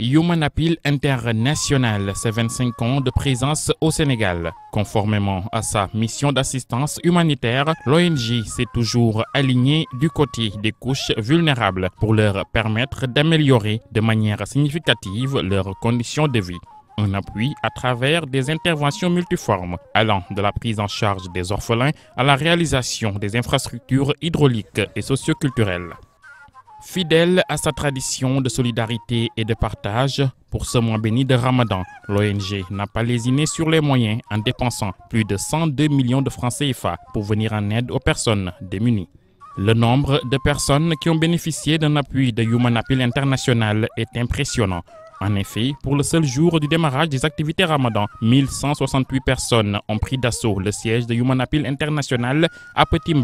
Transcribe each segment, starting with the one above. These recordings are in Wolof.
Human Appeal International, ses 25 ans de présence au Sénégal. Conformément à sa mission d'assistance humanitaire, l'ONG s'est toujours alignée du côté des couches vulnérables pour leur permettre d'améliorer de manière significative leurs conditions de vie un appui à travers des interventions multiformes, allant de la prise en charge des orphelins à la réalisation des infrastructures hydrauliques et socioculturelles. Fidèle à sa tradition de solidarité et de partage, pour ce mois béni de Ramadan, l'ONG n'a pas lésiné sur les moyens en dépensant plus de 102 millions de francs CFA pour venir en aide aux personnes démunies. Le nombre de personnes qui ont bénéficié d'un appui de Human Appeal International est impressionnant. En effet, pour le seul jour du démarrage des activités Ramadan, 1168 personnes ont pris d'assaut le siège de Human Appeal International à Petit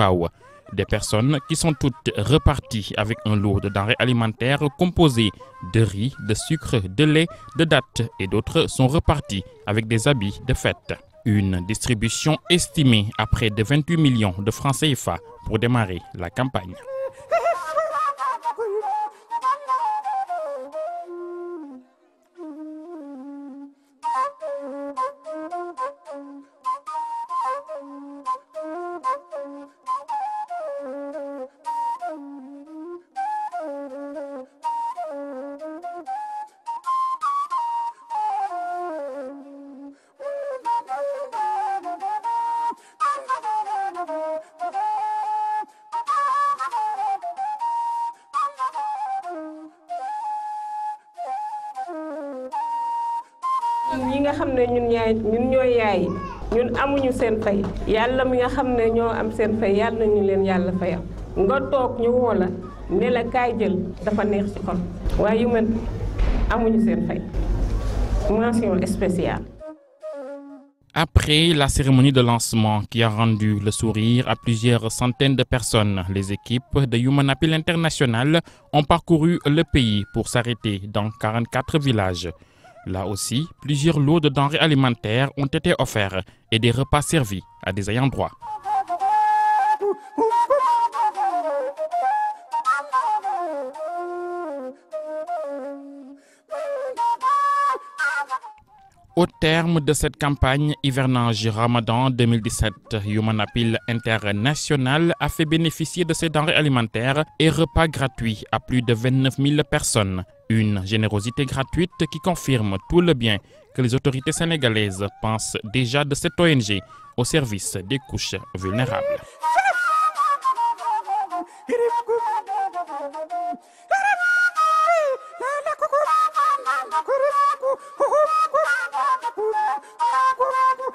Des personnes qui sont toutes reparties avec un lot de denrées alimentaires composées de riz, de sucre, de lait, de dattes et d'autres sont reparties avec des habits de fête. Une distribution estimée à près de 28 millions de francs CFA pour démarrer la campagne. ñi nga xam ne ñun yaay ñun amuñu seen fay yàlla mi nga xam ne ñoo am seen fay yàlla nañu leen yàlla fayam nga toog ñu woo la ne la kaay jël dafa neex ci xol waaye yu mel amuñu seen fay mention spéciale. Après la cérémonie de lancement qui a rendu le sourire à plusieurs centaines de personnes, les équipes de Human Appeal International ont parcouru le pays pour s'arrêter dans villages. Là aussi, plusieurs lots de denrées alimentaires ont été offerts et des repas servis à des ayants droit. Au terme de cette campagne hivernage Ramadan 2017, Human Appeal International a fait bénéficier de ses denrées alimentaires et repas gratuits à plus de 29 000 personnes. Une générosité gratuite qui confirme tout le bien que les autorités sénégalaises pensent déjà de cette ONG au service des couches Kuraku, kuraku, kuraku, kuraku, kuraku, kuraku,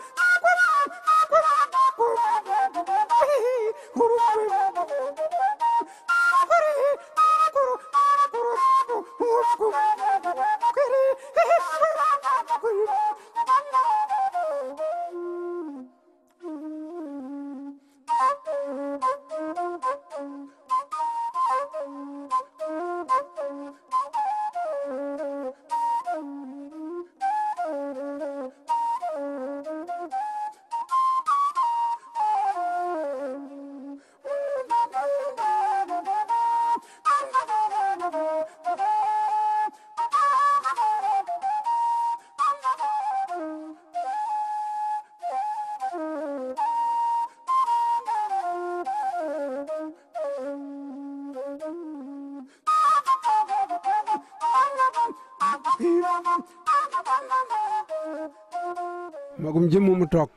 magum jëmm mu toog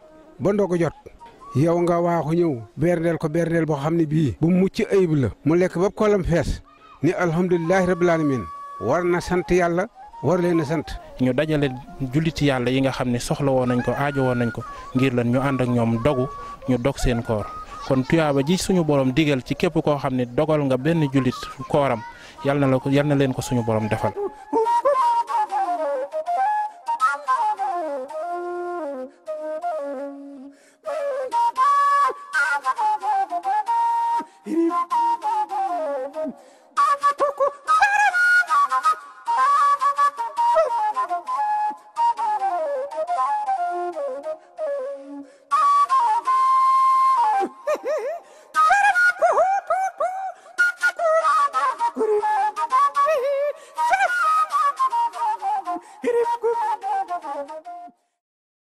ba ndoo ko jot yow nga waaxu ñëw berndeel ko berndeel boo xam ne bii bu mucc ayib la mu lekk ba kolam fees ni alhamdulilahi rabbil alamin war na sant yàlla war leen a sant ñu dajale julliti yàlla yi nga xam ne soxla woon nañ ko aajo woon nañ ko ngir lan ñu ànd ak ñoom dogu ñu dog seen koor kon tuyaaba ji suñu borom digal ci képp koo xam ne dogal nga benn jullit kooram yal na la ko yal na leen ko suñu borom defal